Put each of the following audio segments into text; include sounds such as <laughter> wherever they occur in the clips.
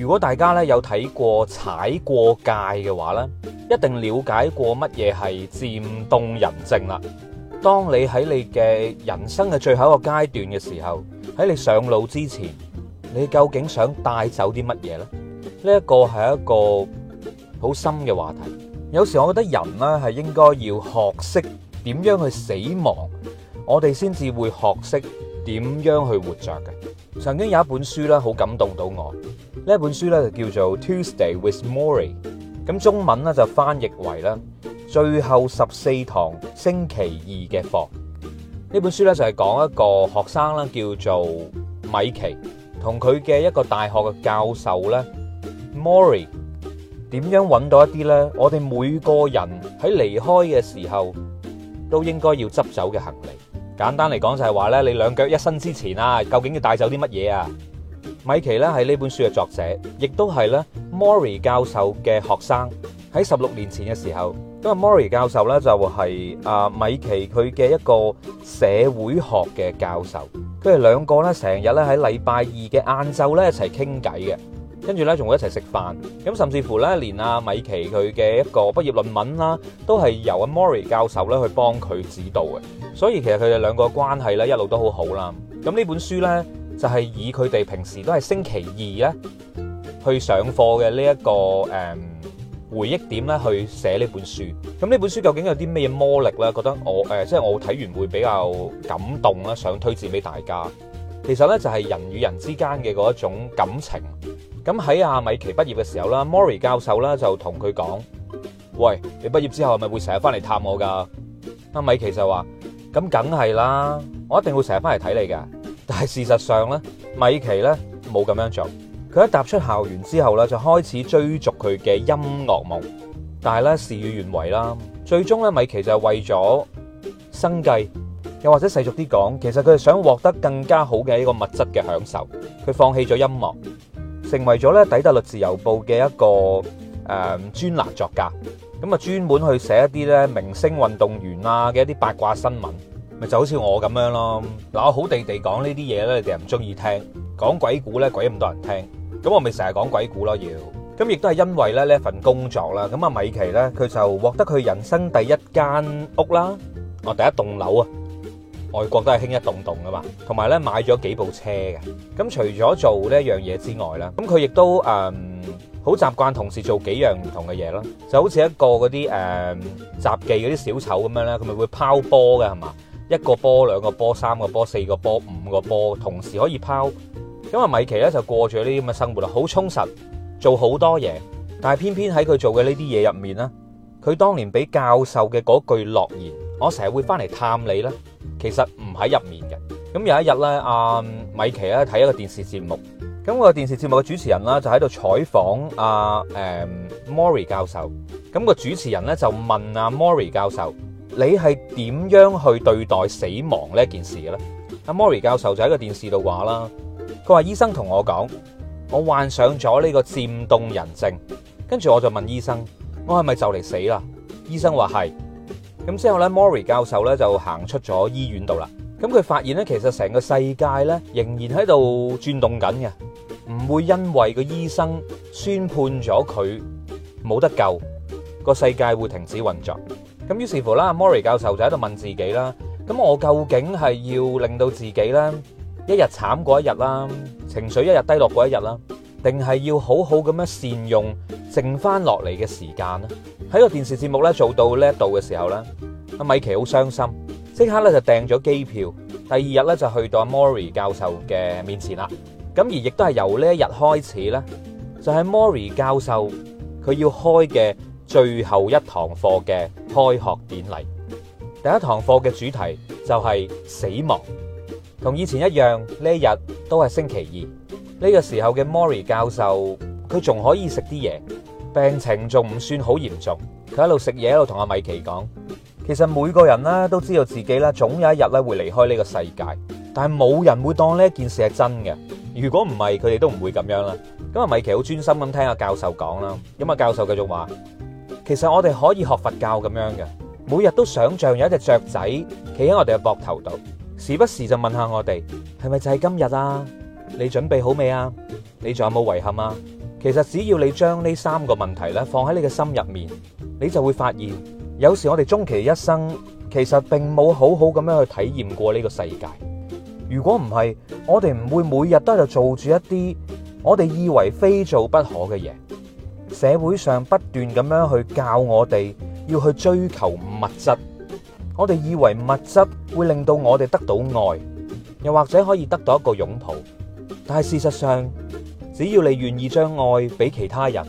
如果大家咧有睇過踩過界嘅話咧，一定了解過乜嘢係漸凍人症啦。當你喺你嘅人生嘅最後一個階段嘅時候，喺你上路之前，你究竟想帶走啲乜嘢呢？呢一個係一個好深嘅話題。有時我覺得人咧係應該要學識點樣去死亡，我哋先至會學識點樣去活着嘅。曾經有一本書咧，好感動到我。呢本書咧就叫做 Tuesdays with Morrie，咁中文咧就翻譯為啦最後十四堂星期二嘅課。呢本書咧就係講一個學生啦，叫做米奇，同佢嘅一個大學嘅教授咧 Morrie，點樣揾到一啲咧，我哋每個人喺離開嘅時候都應該要執走嘅行李。簡單嚟講就係話咧，你兩腳一伸之前啊，究竟要帶走啲乜嘢啊？米奇咧係呢本書嘅作者，亦都係咧 Mori 教授嘅學生。喺十六年前嘅時候，咁啊 Mori 教授咧就係啊米奇佢嘅一個社會學嘅教授。佢哋兩個咧成日咧喺禮拜二嘅晏晝咧一齊傾偈嘅，跟住咧仲會一齊食飯。咁甚至乎咧連阿米奇佢嘅一個畢業論文啦，都係由阿 Mori 教授咧去幫佢指導嘅。所以其實佢哋兩個關係咧一路都好好啦。咁呢本書咧，就係以佢哋平時都係星期二咧去上課嘅呢一個誒回憶點咧去寫呢本書。咁呢本書究竟有啲咩魔力咧？覺得我誒即係我睇完會比較感動啦，想推薦俾大家。其實咧就係人與人之間嘅嗰一種感情。咁喺阿米奇畢業嘅時候啦，莫瑞教授啦就同佢講：「喂，你畢業之後係咪會成日翻嚟探我㗎？」阿米奇就話：「咁梗係啦，我一定會成日翻嚟睇你㗎。但係事實上咧，米奇咧冇咁樣做。佢一踏出校園之後咧，就開始追逐佢嘅音樂夢。但係咧事與願違啦，最終咧米奇就係為咗生計，又或者細俗啲講，其實佢係想獲得更加好嘅一個物質嘅享受。佢放棄咗音樂，成為咗咧《底特律自由報》嘅一個誒專欄作家，咁啊專門去寫一啲咧明星、運動員啊嘅一啲八卦新聞。咪就好似我咁樣咯。嗱，我好地地講呢啲嘢咧，你哋又唔中意聽講鬼故咧，鬼咁多人聽，咁我咪成日講鬼故咯。要咁亦都係因為咧呢一份工作啦。咁啊，米奇咧佢就獲得佢人生第一間屋啦，啊第一棟樓啊。外國都係興一棟棟噶嘛，同埋咧買咗幾部車嘅。咁除咗做呢一樣嘢之外啦，咁佢亦都誒好習慣同時做幾樣唔同嘅嘢咯。就好似一個嗰啲誒雜技嗰啲小丑咁樣咧，佢咪會拋波嘅係嘛？一個波兩個波三個波四個波五個波，同時可以拋。因為米奇咧就過住呢啲咁嘅生活啦，好充實，做好多嘢。但係偏偏喺佢做嘅呢啲嘢入面咧，佢當年俾教授嘅嗰句諾言，我成日會翻嚟探你咧，其實唔喺入面嘅。咁有一日咧，阿米奇咧睇一個電視節目，咁個電視節目嘅主持人啦就喺度採訪阿誒 Morrie 教授，咁個主持人咧就問阿 Morrie 教授。你係點樣去對待死亡呢一件事嘅咧？阿 Mori 教授就喺個電視度話啦，佢話醫生同我講，我患上咗呢個漸凍人症，跟住我就問醫生，我係咪就嚟死啦？醫生話係，咁之後咧，Mori 教授咧就行出咗醫院度啦。咁佢發現咧，其實成個世界咧仍然喺度轉動緊嘅，唔會因為個醫生宣判咗佢冇得救，個世界會停止運作。咁於是乎啦，Mori 教授就喺度問自己啦：咁我究竟係要令到自己咧一日慘過一日啦，情緒一日低落過一日啦，定係要好好咁樣善用剩翻落嚟嘅時間咧？喺個電視節目咧做到呢一度嘅時候咧，阿米奇好傷心，即刻咧就訂咗機票，第二日咧就去到阿 Mori 教授嘅面前啦。咁而亦都係由呢一日開始咧，就係 Mori 教授佢要開嘅最後一堂課嘅。開學典禮，第一堂課嘅主題就係死亡。同以前一樣，呢一日都係星期二。呢個時候嘅莫瑞教授，佢仲可以食啲嘢，病情仲唔算好嚴重。佢喺度食嘢，喺度同阿米奇講，其實每個人啦都知道自己啦，總有一日咧會離開呢個世界。但係冇人會當呢一件事係真嘅。如果唔係，佢哋都唔會咁樣啦。咁阿米奇好專心咁聽阿教授講啦。咁阿教授繼續話。其實我哋可以學佛教咁樣嘅，每日都想象有一隻雀仔企喺我哋嘅膊頭度，時不時就問下我哋係咪就係今日啊？你準備好未啊？你仲有冇遺憾啊？其實只要你將呢三個問題咧放喺你嘅心入面，你就會發現，有時我哋終其一生，其實並冇好好咁樣去體驗過呢個世界。如果唔係，我哋唔會每日都喺度做住一啲我哋以為非做不可嘅嘢。社會上不斷咁樣去教我哋要去追求物質，我哋以為物質會令到我哋得到愛，又或者可以得到一個擁抱。但係事實上，只要你願意將愛俾其他人，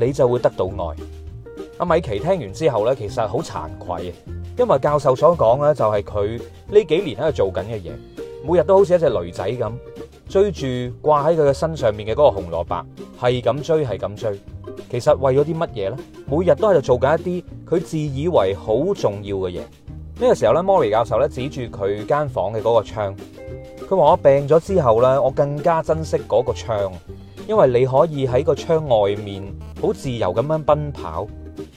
你就會得到愛。阿米奇聽完之後呢，其實好慚愧，因為教授所講呢就係佢呢幾年喺度做緊嘅嘢，每日都好似一隻驢仔咁追住掛喺佢嘅身上面嘅嗰個紅蘿蔔，係咁追，係咁追。其實為咗啲乜嘢呢？每日都係做緊一啲佢自以為好重要嘅嘢。呢個時候咧，莫瑞教授咧指住佢間房嘅嗰個窗，佢話，我病咗之後呢，我更加珍惜嗰個窗，因為你可以喺個窗外面好自由咁樣奔跑，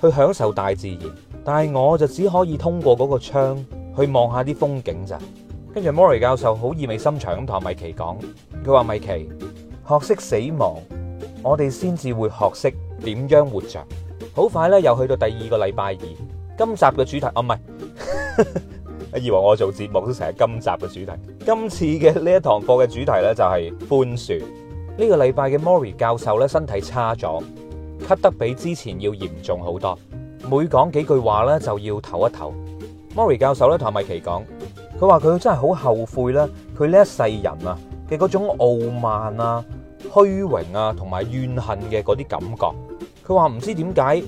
去享受大自然。但係我就只可以通過嗰個窗去望下啲風景咋。跟住莫瑞教授好意味深長咁同米奇講，佢話米奇，學識死亡，我哋先至會學識。點樣活着？好快咧，又去到第二個禮拜二。今集嘅主題，哦唔係， <laughs> 以為我做節目都成日今集嘅主題。今次嘅呢一堂課嘅主題咧就係寬恕。呢個禮拜嘅 Mori 教授咧身體差咗，咳得比之前要嚴重好多。每講幾句話咧就要唞一唞。Mori 教授咧同米奇講，佢話佢真係好後悔啦，佢呢一世人啊嘅嗰種傲慢啊、虛榮啊同埋怨恨嘅嗰啲感覺。佢話唔知點解，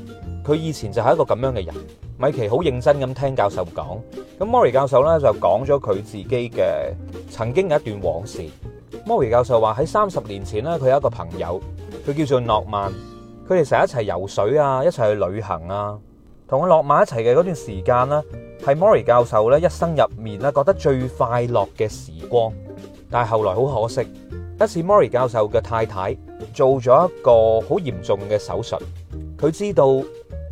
佢以前就係一個咁樣嘅人。米奇好認真咁聽教授講，咁 Mori 教授咧就講咗佢自己嘅曾經嘅一段往事。Mori 教授話喺三十年前咧，佢有一個朋友，佢叫做諾曼，佢哋成日一齊游水啊，一齊去旅行啊，同諾曼一齊嘅嗰段時間呢，係 Mori 教授咧一生入面咧覺得最快樂嘅時光，但係後來好可惜。有一次，莫瑞教授嘅太太做咗一個好嚴重嘅手術，佢知道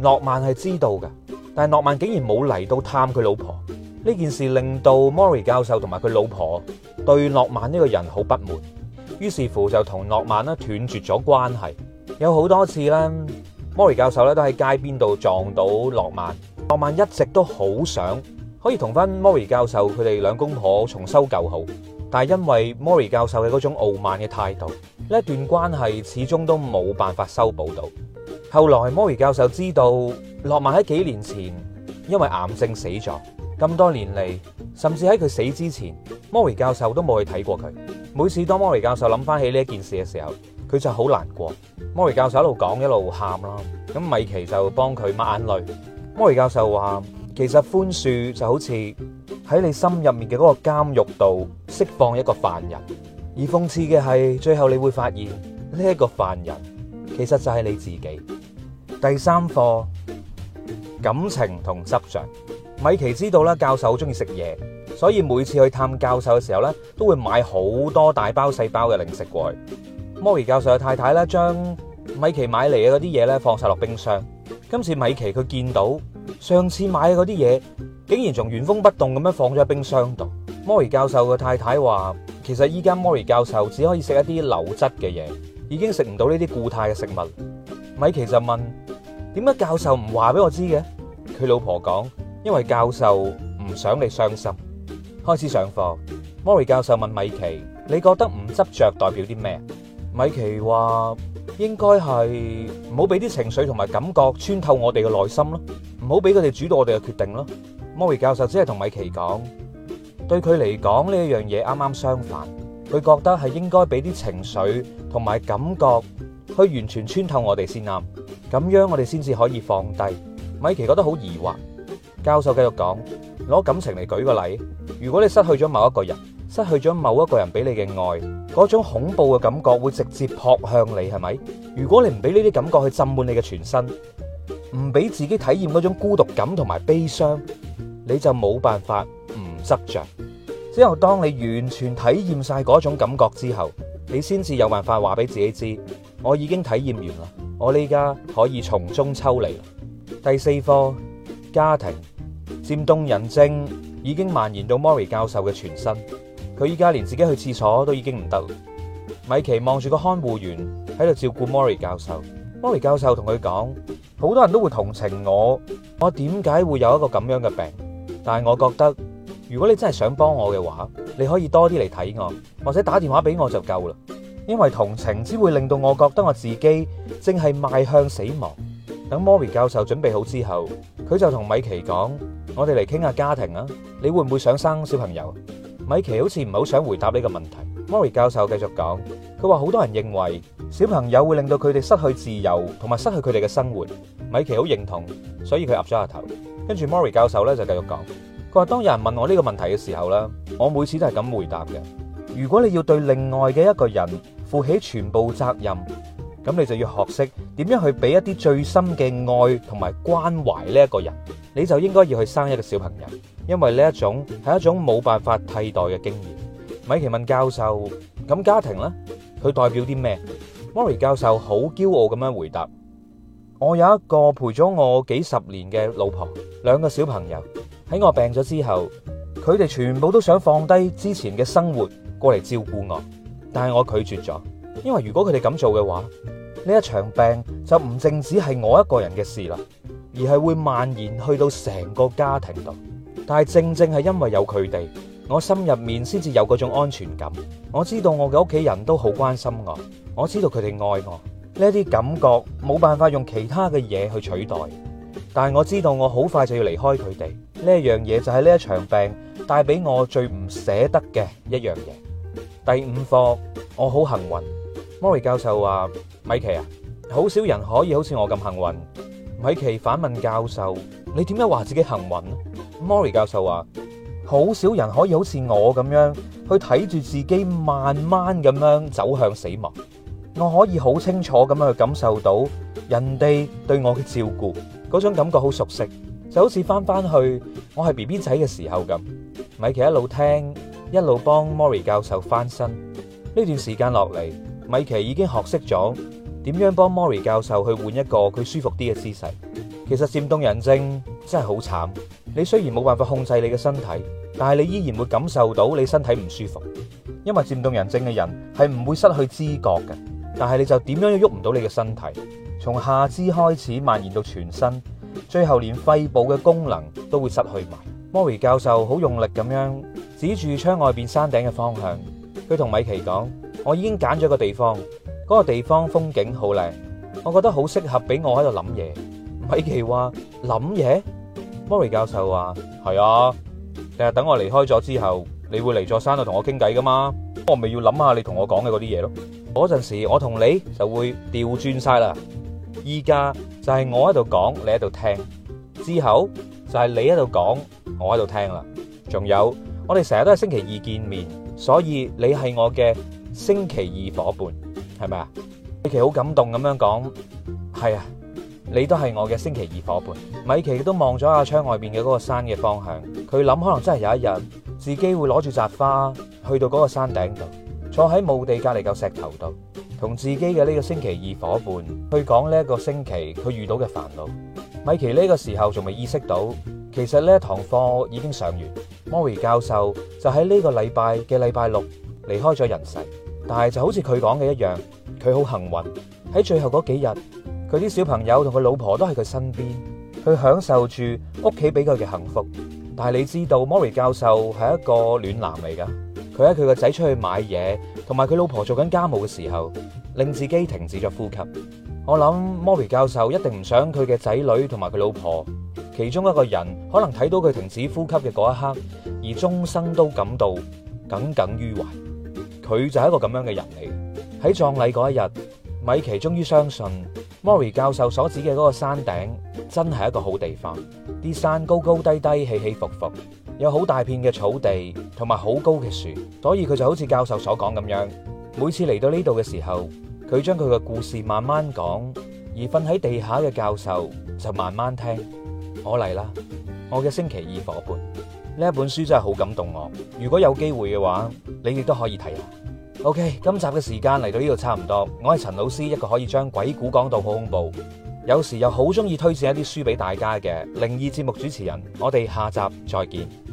諾曼係知道嘅，但係諾曼竟然冇嚟到探佢老婆。呢件事令到莫瑞教授同埋佢老婆對諾曼呢個人好不滿，於是乎就同諾曼咧斷絕咗關係。有好多次咧，莫瑞教授咧都喺街邊度撞到諾曼，諾曼一直都好想可以同翻莫瑞教授佢哋兩公婆重修舊好。但係，因為 Mori 教授嘅嗰種傲慢嘅態度，呢一段關係始終都冇辦法修補到。後來 Mori 教授知道諾曼喺幾年前因為癌症死咗，咁多年嚟，甚至喺佢死之前，Mori 教授都冇去睇過佢。每次當 Mori 教授諗翻起呢一件事嘅時候，佢就好難過。Mori 教授一路講一路喊啦，咁米奇就幫佢抹眼淚。Mori 教授話：其實寬恕就好似喺你心入面嘅嗰個監獄度。釋放一個犯人，而諷刺嘅係，最後你會發現呢一個犯人其實就係你自己。第三課，感情同執着。米奇知道啦，教授好中意食嘢，所以每次去探教授嘅時候咧，都會買好多大包細包嘅零食過去。莫瑞教授嘅太太咧，將米奇買嚟嘅嗰啲嘢咧，放晒落冰箱。今次米奇佢見到上次買嘅嗰啲嘢，竟然仲原封不動咁樣放咗喺冰箱度。莫瑞教授嘅太太話：其實依家莫瑞教授只可以食一啲流質嘅嘢，已經食唔到呢啲固態嘅食物。米奇就問：點解教授唔話俾我知嘅？佢老婆講：因為教授唔想你傷心。開始上課，莫瑞教授問米奇：你覺得唔執着代表啲咩？米奇話：應該係唔好俾啲情緒同埋感覺穿透我哋嘅內心咯，唔好俾佢哋主導我哋嘅決定咯。莫瑞教授只係同米奇講。對佢嚟講呢一樣嘢啱啱相反，佢覺得係應該俾啲情緒同埋感覺去完全穿透我哋先啊，咁樣我哋先至可以放低。米奇覺得好疑惑，教授繼續講，攞感情嚟舉個例，如果你失去咗某一個人，失去咗某一個人俾你嘅愛，嗰種恐怖嘅感覺會直接撲向你，係咪？如果你唔俾呢啲感覺去浸滿你嘅全身，唔俾自己體驗嗰種孤獨感同埋悲傷，你就冇辦法。執着之後，當你完全體驗晒嗰種感覺之後，你先至有辦法話俾自己知，我已經體驗完啦。我呢家可以從中抽離。第四科：家庭漸凍人症已經蔓延到 Mori 教授嘅全身，佢依家連自己去廁所都已經唔得。米奇望住個看護員喺度照顧 Mori 教授，Mori 教授同佢講：好多人都會同情我，我點解會有一個咁樣嘅病？但係我覺得。如果你真係想幫我嘅話，你可以多啲嚟睇我，或者打電話俾我就夠啦。因為同情只會令到我覺得我自己正係邁向死亡。等 Mori 教授準備好之後，佢就同米奇講：我哋嚟傾下家庭啊，你會唔會想生小朋友？米奇好似唔係好想回答呢個問題。Mori <laughs> 教授繼續講：佢話好多人認為小朋友會令到佢哋失去自由，同埋失去佢哋嘅生活。米奇好認同，所以佢揼咗下頭。跟住 Mori 教授咧就繼續講。佢話：當有人問我呢個問題嘅時候咧，我每次都係咁回答嘅。如果你要對另外嘅一個人負起全部責任，咁你就要學識點樣去俾一啲最深嘅愛同埋關懷呢一個人，你就應該要去生一個小朋友，因為呢一種係一種冇辦法替代嘅經驗。米奇問教授：咁家庭呢，佢代表啲咩？莫瑞教授好驕傲咁樣回答：我有一個陪咗我幾十年嘅老婆，兩個小朋友。喺我病咗之後，佢哋全部都想放低之前嘅生活過嚟照顧我，但係我拒絕咗，因為如果佢哋咁做嘅話，呢一場病就唔淨止係我一個人嘅事啦，而係會蔓延去到成個家庭度。但係正正係因為有佢哋，我心入面先至有嗰種安全感。我知道我嘅屋企人都好關心我，我知道佢哋愛我，呢啲感覺冇辦法用其他嘅嘢去取代。但係我知道，我好快就要離開佢哋，呢一樣嘢，就係呢一場病帶俾我最唔捨得嘅一樣嘢。第五課，我好幸運。Mori 教授話：米奇啊，好少人可以好似我咁幸運。米奇反問教授，你點解話自己幸運呢？Mori 教授話：好少人可以好似我咁樣去睇住自己，慢慢咁樣走向死亡。我可以好清楚咁樣去感受到人哋對我嘅照顧。嗰種感覺好熟悉，就好似返返去我係 B B 仔嘅時候咁。米奇一路聽，一路幫 Morrie 教授翻身。呢段時間落嚟，米奇已經學識咗點樣幫 Morrie 教授去換一個佢舒服啲嘅姿勢。其實漸凍人症真係好慘。你雖然冇辦法控制你嘅身體，但係你依然會感受到你身體唔舒服。因為漸凍人症嘅人係唔會失去知覺嘅，但係你就點樣都喐唔到你嘅身體。從下肢開始蔓延到全身，最後連肺部嘅功能都會失去埋。Morrie 教授好用力咁樣指住窗外邊山頂嘅方向，佢同米奇講：我已經揀咗個地方，嗰個地方風景好靚，我覺得好適合俾我喺度諗嘢。米奇話諗嘢，Morrie 教授話係啊，你係等我離開咗之後，你會嚟座山度同我傾偈噶嘛？我咪要諗下你同我講嘅嗰啲嘢咯。嗰陣時我同你就會調轉晒啦。依家就係我喺度講，你喺度聽，之後就係你喺度講，我喺度聽啦。仲有，我哋成日都係星期二見面，所以你係我嘅星期二伙伴，係咪啊？米奇好感動咁樣講，係啊，你都係我嘅星期二伙伴。米奇都望咗下窗外邊嘅嗰個山嘅方向，佢諗可能真係有一日，自己會攞住扎花去到嗰個山頂度，坐喺墓地隔籬嚿石頭度。同自己嘅呢個星期二伙伴去講呢一個星期佢遇到嘅煩惱。米奇呢個時候仲未意識到，其實呢一堂課已經上完。莫瑞教授就喺呢個禮拜嘅禮拜六離開咗人世。但係就好似佢講嘅一樣，佢好幸運喺最後嗰幾日，佢啲小朋友同佢老婆都喺佢身邊，佢享受住屋企俾佢嘅幸福。但係你知道莫瑞教授係一個暖男嚟㗎，佢喺佢個仔出去買嘢，同埋佢老婆做緊家務嘅時候，令自己停止咗呼吸，我諗 Mori 教授一定唔想佢嘅仔女同埋佢老婆其中一個人可能睇到佢停止呼吸嘅嗰一刻，而終生都感到耿耿於懷。佢就係一個咁樣嘅人嚟。喺葬禮嗰一日，米奇終於相信 Mori 教授所指嘅嗰個山頂真係一個好地方。啲山高高低低，起起伏伏，有好大片嘅草地同埋好高嘅樹，所以佢就好似教授所講咁樣。每次嚟到呢度嘅時候，佢將佢嘅故事慢慢講，而瞓喺地下嘅教授就慢慢聽。我嚟啦，我嘅星期二夥伴，呢一本書真係好感動我。如果有機會嘅話，你亦都可以睇下。OK，今集嘅時間嚟到呢度差唔多，我係陳老師，一個可以將鬼故講到好恐怖，有時又好中意推薦一啲書俾大家嘅靈異節目主持人。我哋下集再見。